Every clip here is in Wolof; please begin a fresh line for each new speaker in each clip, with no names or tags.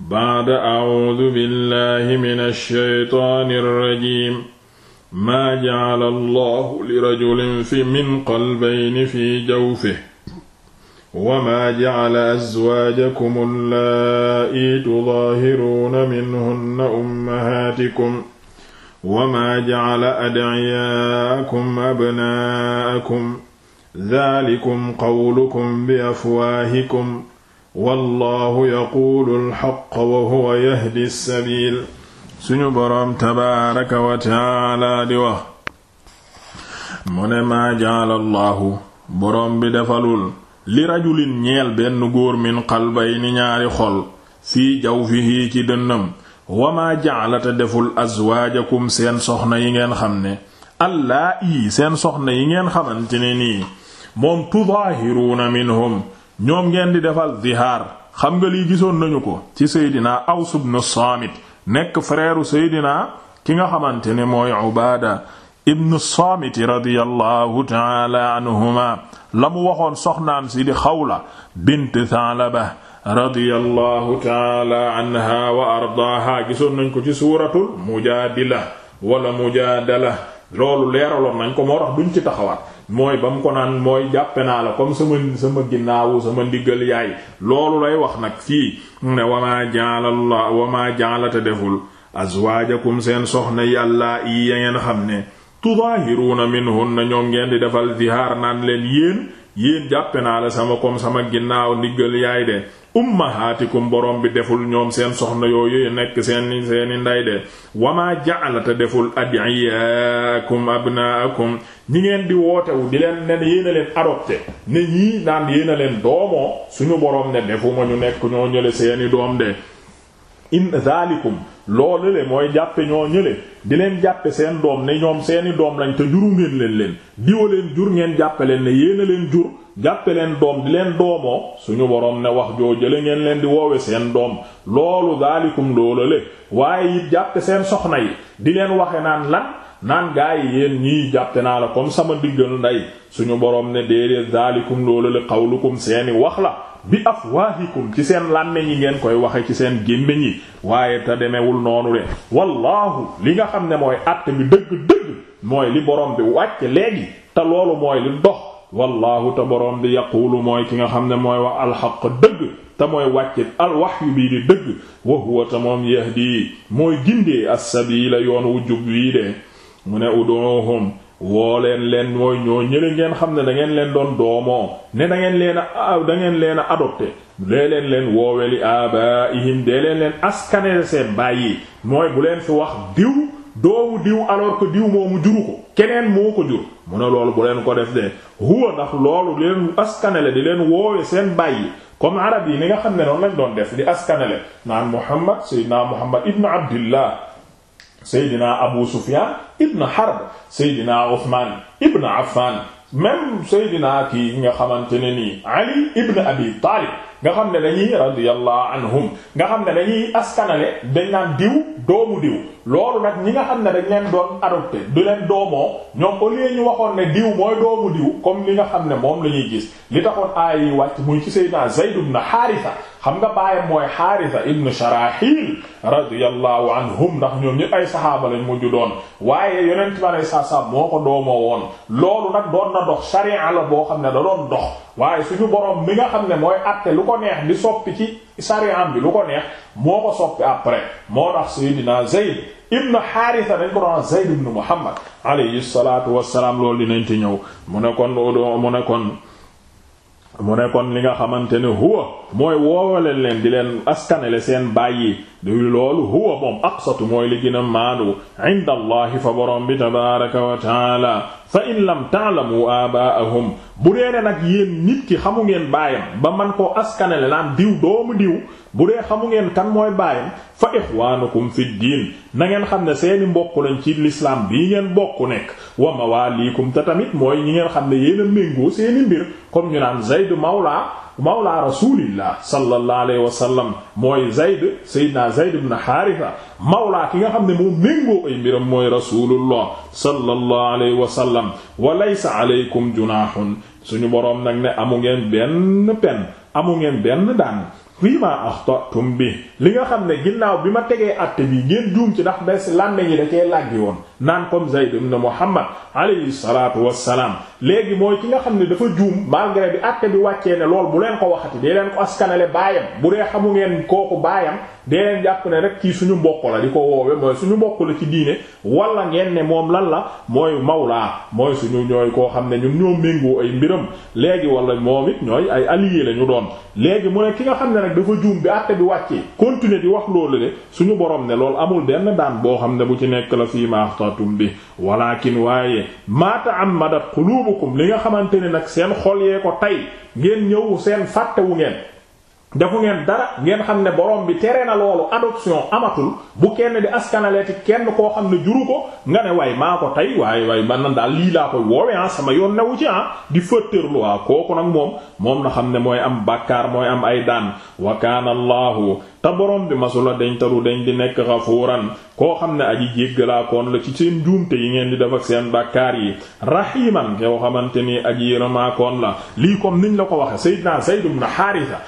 baada acuudu billahi min alsheytaani alrajim maa jacala allahu lirajulin fi min qalbayni fi jawfihi wa maa jacala azwaajakum allaa'ii tudaahiruuna minhunna ummahaatikum wa maa jacala adciyaakum abnaa'akum daalikum qawlukum bi afwaahikum wallahu yaquulu alxaqa wa huwa yahdi sabiil suñu boroom tabaaraka wa taala di wa mu ne maa jaala allahu boroom bi defalul li rajulin ñeel benn góor min xalbay ñaari xol fii jawfihi ci dënnam wa maa jaalata deful azwaajakum seen soxna yi ngeen xam ne allaa ii seen soxna yi ngeen xamante ni nii moom tudaahiruuna minhum ñoom ngeen di defal zihaar xam nga lii gisoon nañu ko ci seydinaa aw ibn Saamit nekk frère seydinaa ki nga xamante ne mooy Ubaada ibn Saamit radiyallahu taala anhuma la mu waxoon soxnaan si di Xawla bint Thaalaba radiyallahu taala anha wa ardaaha gisoon nañ ko ci suuratul mujaadila wala mujaadala loolu leeraloon nañ ko moo tax duñ ci taxawaat mooy ba mu ko naan mooy jàppe naa la comme sama sama ginnaawu sama ndiggal yaay loolu lay wax nag fii ne wamaa jaalallah wamaa jaalata deful azwaajakum seen soxna yi àllaa i ya ngeen xam ne na tudaahiruuna na ñoom ngeen di defal zihaar naan leen yéen yéen jàppe naa la sama comme sama ginnaaw ndiggal yaay de ummahaatikum borom bi deful ñoom seen soxna yooyu nekk seen seeni nday de wamaa ja'alata deful adiyakum abnaakum ñi ngeen di wootewu di leen nen yéen a leen adopté ne ñii naan yéen a leen doomoo suñu borom ne defuma ñu nekk ñoo ñële seeni doom de in zalikum loolu le mooy jàppe ñoo ñële di leen jàppe seen doom ne ñoom seeni doom lañ te juru ngeen leen leen diwa leen jur ngeen jàppe leen ne yéen leen jur jàppe leen doom di leen doomoo suñu boroom ne wax joo jële ngeen leen di woowe seen doom loolu daalikum loola le waaye it jàppe seen soxna yi di leen waxe naan lan naan gaa yi yéen ñii jàppe naa la comme sama diggal ndey suñu boroom ne déedéet daalikum loola le xawlukum seeni wax la bi afwaahikum ci seen làmmeñ yi ngeen koy waxe ci seen gémmiñ yi waaye te demewul noonu de wallaahu li nga xam ne mooy àtt bi dëgg-dëgg mooy li borom bi wàcc léegi te loolu mooy li dox wallaahu te borom bi yaquulu mooy ki nga xam ne mooy wax alxaq dëgg te mooy wàcce alwaxyu bii di dëgg wa huwa te moom yahdi mooy gindee as-sabiila yoon wu jub wii de mu ne uduuhum woo leen leen mooy ñoo ñële ngeen xam ne da ngeen leen doon doomoo ne da ngeen leen a ah, da ngeen leen a adopté dee leen leen woowe li abaihim de leen leen askanele seen bàyyi mooy bu leen fi wax diw doomu diw alors ko diw moomu juru ko keneen moo ko jur mu ne loolu bu leen ko def de huwa ndax loolu leen askanele di leen woowe seen bàyyi kon arab yi ni nga xam ne noonu lañ doon def di askanele naan Muhammad sayyidina Muhammad ibnu Abdillah Seydina Abu Sufyan ibn Harb Seydina Uthman ibn Affan même Seydina kii nga xamante ne nii Ali ibn Abi Talib nga xam ne dañuy radiyallahu anhum nga xam ne dañuy askanale dañ naan diw doomu diw loolu nag ñi nga xam ne dañ leen doon adopté du leen doomoo ñoom au lieu ñu waxoon ne diw mooy doomu diw comme li nga xam ne moom la ñuy gis li taxoon aay yi wàcc muy ci Seydina Zayd ibn Haarisa xam nga baayam mooy Haarisa ibn Sharahil radiyallahu anhum ndax ñoom ñëpp ay saxaaba lañ mujj doon waaye yonent bi alayhi salaam moo ko doomoo woon loolu nag doon na dox sariya la boo xam ne da doon dox waaye suñu borom mi nga xam ne mooy àtte lu ko neex di soppi ci sariya bi lu ko neex moo ko soppi après moo tax Seydina ibn Haarisa dañ ko doon Zayd ibn Muhammad alayhi salaatu ci ñëw mu ne kon mu ne kon mu li nga xamante ne mooy woowale leen di leen askanele seen bàyyi du loolu huwa moom aqsatu mooy li gën a maanu inda allahi fa borom bi wa taala fa in lam taalamu abaahum bu nag yéen nit ki xamu ngeen baayam ba man ko askanele naan diw doomu diw bu dee xamu ngeen kan mooy baayam fa ixwaanukum fi diin na ngeen xam ne seeni mbokk lañ ci lislaam bii ngeen bokku nekk wa mawaaliikum te tamit mooy ñi ngeen xam ne yéen a méngoo seeni mbir comme ñu naan Zayd mawla mawla rasulillah sallallahu alayhi wa sallam mooy Zayd sayyidina Zayd ibn Haritha mawla ki nga xam ne moo méngoo ay mbiram mooy rasulullah sallallahu alayhi wa sallam wa laysa alaykum junaahun suñu boroom nag ne amu ngeen benn pen amu ngeen benn fii ma axtatum bi li nga xam ne ginnaaw bi ma tegee àtte bi ngeen juum ci ndax bes làmmeñ yi da cee làggi woon naan comme Zayd ibn Muhammad alayhi salaatu wassalaam léegi mooy ki nga xam ne dafa juum malgré bi àtte bi wàccee ne lool bu leen ko waxati dee leen ko askanale baayam bu dee xamu ngeen kooku baayam dee jàpp ne rek kii suñu mbokk la di ko woowe mooy suñu mbokk la ci diine wala ngeen ne moom lan la mooy mawlaa mooy suñu ñooy koo xam ne ñun ñoo méngoo ay mbiram léegi wala moom it ay alliés ñu doon léegi mu ki nga xam ne nag dafa juum bi àtte bi wàccee continuer di wax loolu de suñu borom ne loolu amul benn daan boo xam ne bu ci nekk la fii ma axtatum bi walakin waaye maata am ma ta'ammadat qulubukum li nga xamante ne nag seen xool yee ko tey ngeen ñëw seen fàttewu ngeen defu ngeen dara ngeen xam ne borom bi tere na loolu adoption amatul bu kenn di askanaleeti kenn koo xam ne juru ko nga ne waay maa ko tey waaye waay man na daal lii laa koy woowe ah sama yoon newu ci ah di fëttërlu waa ah, kooku nag moom moom na xam ne mooy am bàkkaar mooy am ay daan wa kaana te borom bi masula deñ taru deñ di nekk xafuuran koo xam ne aji jéggalaakoon la ci seen njuumte yi ngeen di def ak seen yi rahiman koo xamante ni aji yërëmaakoon la lii comme niñ la ko waxe sayyidna Zayd ibn Haritha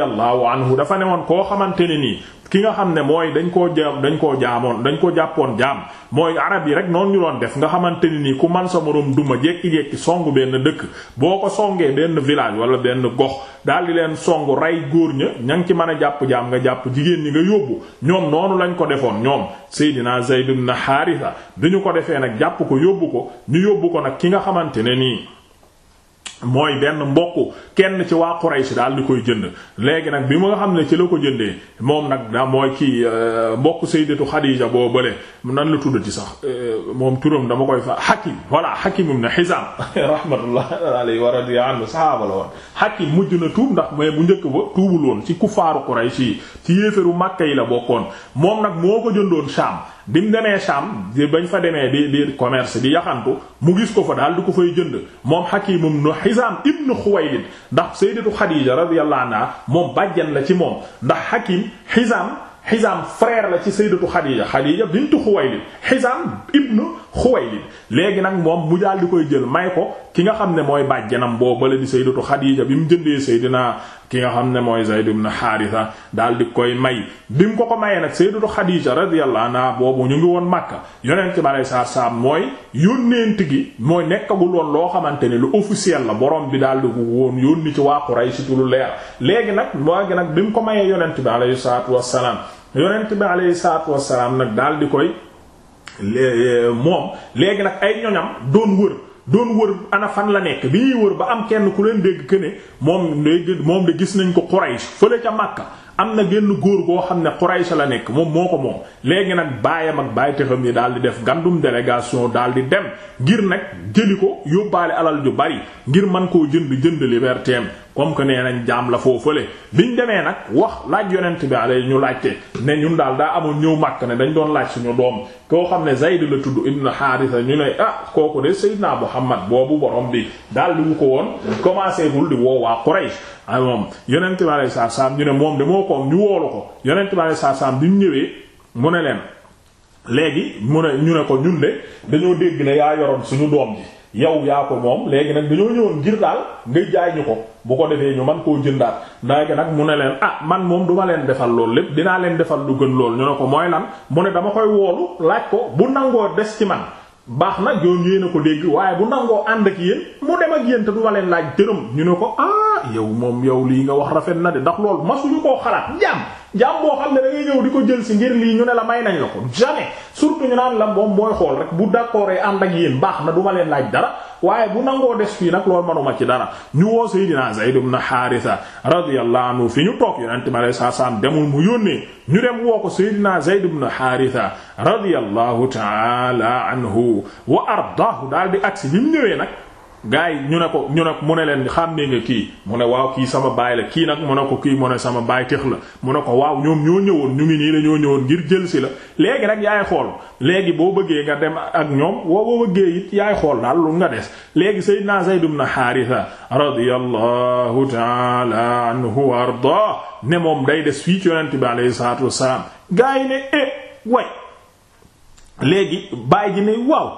radiyallahu anhu dafa ne woon koo xamante ne nii ki nga xam ne mooy dañ koo jaam dañ koo jaamoon dañ koo jàppoon jaam mooy arab yi rek noonu ñu doon def nga xamante ne nii ku man sa moroom duma jekki-jekki songu benn dëkk boo ko songee benn village wala benn gox daal di leen songu rey góor ña ña ngi ci mën a jàpp jaam nga jàpp jigéen ñi nga yóbbu ñoom noonu lañ ko defoon ñoom Seydina Zayd na Haritha bi ñu ko defee nag jàpp ko yóbbu ko ñu yóbbu ko nag ki nga xamante nii mooy benn mbokk kenn ci waa Quraysh daal di koy jënd léegi nag bi mu nga xam ne ci la ko jëndee moom nag da mooy kii euh, mbokk sayyidatu Xadiija boo bële nan la tuddati sax euh, moom turam dama koy fa Hakim voilà Hakim ibn Hizam rahmatullah alayhi wa radiya anhu sahaaba la woon Hakim mujj na tuub ndax mais bu njëkk ba tuubul woon ci kufaaru Quraysh yi ci yéeferu Makka yi la bokkoon moom nag moo ko jëndoon Sham bi mu demee Sham bañ fa demee di di commerce di yaxantu mu gis ko fa daal di ko fay jënd moom Hakim ibn Hizam ibn Khuwaylid ndax sayyidatu Khadija radiyallahu anha moom bàjjan la ci moom ndax Hakim Hizam Hizam frère la ci sayyidatu Khadija Khadija bintu Khuwaylid Hizam ibn Xuwaylid léegi nag moom mu dal di koy jël may ko ki nga xam ne mooy bàjjanam boobu la di sayyidatu Xadiija bi mu jëndee Seydina ki nga xam ne mooy Zayd ibn Haarisa daal di koy may bi mu ko ko mayee nag sayyidatu Xadiija radiyallahu anha boobu ñu ngi woon Makka yonent bi alayhi salaatu salaam mooy yónneent gi mooy nekkagul woon loo xamante ne lu officiel la borom bi daal di ko woon yónni ci waa Quraysh ci lu leer léegi nag moo gi nag bi mu ko mayee yonent bi alayhi salaatu wassalaam nag daal di koy lé euh, moom léegi nag ay ñoñam doon wër doon wër ana fan la nekk bi ñuy wër ba am kenn ku leen dégg que ne moom de moom de gis nañ ko Quraysh fële ca Makka am na genn góor goo xam ne Quraysh la nekk moom moo ko moom léegi nag baayam ak baay tëxam yi daal di def gandum délégation daal di dem ngir nag jëli ko yóbbaale alal ju bari ngir man koo jënd jënd libertéem comme que nee nañ jaam la bi ñu demee nag wax laaj yonent bi alay ñu laajte ne ñun daal daa amul ñëw màkk ne dañ doon laaj suñu doom koo xam ne Zayd la tudd ibn Haarisa ñu ne ah kooku de Seydina Muhammad boobu borom bi daal di wu ko woon commencé gul di woo waa Quraysh a ah, moom yonent bi alay saa saam ñu moom de moo ko ñu woolu ko yonent bi alay saa saam bi ñu ñëwee mu ne leen léegi mu ne ñu ne ko ñun de dañoo dégg ne yaa yoroon suñu doom ji yow yaa ko moom léegi nag dañoo ñëwoon ngir daal ngay jaay ñu ko bu ko defee ñu man koo jëndaat léegi nag mu ne leen ah man moom du ma leen defal loolu lépp dinaa leen defal lu gën lool ñu ne ko mooy nan mu ne dama koy woolu laaj ko bu nangoo des ci man baax na yoon yéen a ko dégg waaye bu nangoo ànd ak yéen mu dem ak yéen te du leen laaj dërëm ñu ne ko ah ah moom yow lii nga wax rafet na de ndax loolu masuñu koo xalaat jaam jaam boo xam ne da ñëw di ko jël si ngir lii ñu ne la may nañ la ko jamais ñu naan la moom mooy xool rek bu d'accord ànd ak yéen baax na du ma leen laaj dara waaye bu nangoo des fii nag loolu manuma ci dara ñu woo Seydina Zayd ibn Haarisa radiyallahu anhu fi ñu toog yonent mi alayhi salaam demul mu yónnee ñu woo ko Seydina Zayd ibn Haarisa radiyallahu ta'ala anhu wa ardaahu daal di agsi bi mu ñëwee nag gars yi ñu ne ko ñu ne mu ne leen xàmmee nga kii mu ne waaw kii sama baay la kii nag mu ne ko kii mu ne sama baay tex la mu ne ko waaw ñoom ñoo ñëwoon ñu ngi nii la ñëwoon ngir jël si la léegi nag yaay xool léegi boo bëggee nga dem ak ñoom woo boo bëggee it yaay xool daal lu nga des léegi sayyidina Zayd ibn Haritha radiyallahu ta'ala anhu wa arda ne moom day des fii ci yonent bi alayhi salaatu wassalaam gars yi ne eh way léegi bàyyi ji ne waaw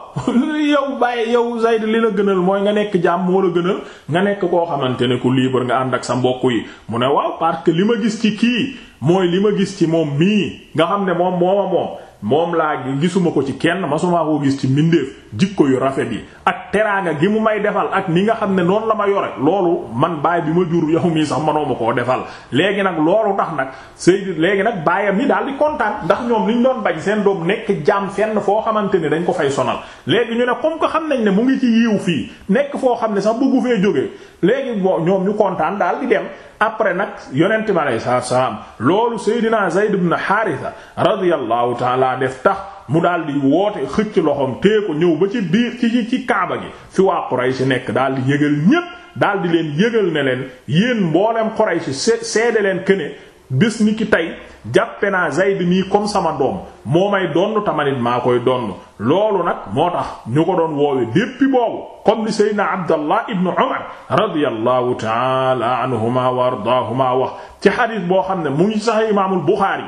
yow bàyyi yow Zayd li la gënal mooy nga nekk jaam moo la gënal nga nekk koo xamante ne ku libre nga ànd ak sa mbokk yi mu ne waaw parce que li ma gis ci kii mooy li ma gis ci moom mii nga xam ne moom mooma moom moom laa gisuma ko ci kenn suma koo gis ci mbindeef jikko yu rafet yi ak teraanga gi mu may defal ak ni nga xam ne noonu la ma yore loolu man baay bi ma jur yow mii sax manoo ma koo defal léegi nag loolu tax nag Seydou léegi nag baayam ni daal di kontaan ndax ñoom ñu doon bañ seen doom nekk jaam fenn foo xamante ne dañ ko fay sonal léegi ñu ne comme que xam nañ ne mu ngi ci yiw fii nekk foo xam ne sax bëggu fee jógee léegi bo ñoom ñu kontaan daal di dem après nag yonent bi alayhi salaam loolu Seydina Zayd ibn Haritha radiyallahu ta'ala daa def tax mu daal di woote xëcc loxoom tee ko ñëw ba ci biir ci ci kaaba gi fi waa Quraysh nekk daal di yëgal ñépp daal di leen yëgal ne leen yéen mboolem Quraysh seede leen këne bés ni ki tey jàppe naa Zayd nii comme sama doom moo may donn tamanit maa koy donn loolu nag moo tax ñu ko doon woowe déppi boobu comme li seydna Abdallah ibnu Umar radiyallahu taala anhuma wa ardaahuma wax ci xadis boo xam ne mu ngi sax imaamul Buxaari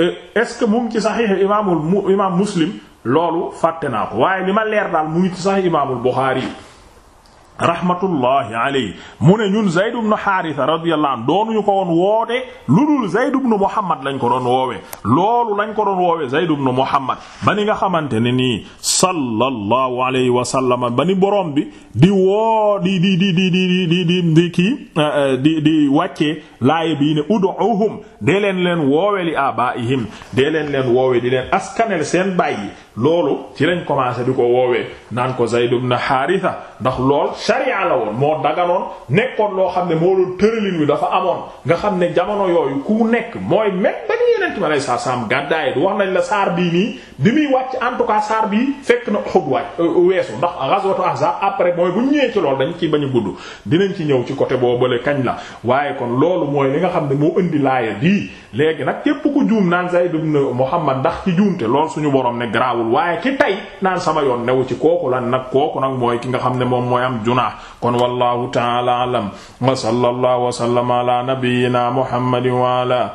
Euh, est-ce que mu ngi ci saxiix imaamul imaam muslim loolu fàtte naa ko waaye li ma leer daal mu ngi ci saxiix imaamul buxaari yi rahmatullahi alayhi mu ne ñun Zayd ibn Haritha radiyallahu anhu doonuñu ko woon woote lu dul Zayd ibn Muhammad lañ ko doon woowe loolu lañ ko doon woowe Zayd ibn Muhammad ba ni nga xamante ne nii sallallahu alayhi wa sallam ba ni boroom bi di woo di di di di di di di di kii eh, eh, di di wàccee laaya bii ne ud'uhum dee leen leen woowe li abaihim dee leen leen woowe di leen askanel seen bàyyi loolu ci lañ commencé di ko woowee naan ko Zayd ibn Haritha ndax lool sharia la woon moo daganoon nekkoon loo xam ne moo doon tëralin wi dafa amoon nga xam ne jamono yooyu ku nekk mooy mekk yonent bi aleyhi salaam gàddaay du wax nañ la saar bii nii bi muy wàcc en tout cas saar bii fekk na xut wàcc euh, euh, weesu ndax ghazwatu ahzab après mooy bu ñëwee ci loolu dañ ci bañ a gudd dinañ ci ñëw ci côté boobale kañ la waaye kon loolu mooy li nga xam ne moo indi laaya bii léegi nag képp ku juum naan Zayd ibn Muhammad ndax ci juumte lool suñu borom ne garaawul waaye ki tey naan sama yoon newu ci kooku lan nag kooku nag mooy ki nga xam ne moom mooy am junaa kon wallahu ta'ala alam wa sallallahu wa sallama ala nabiyyina Muhammadin wa ala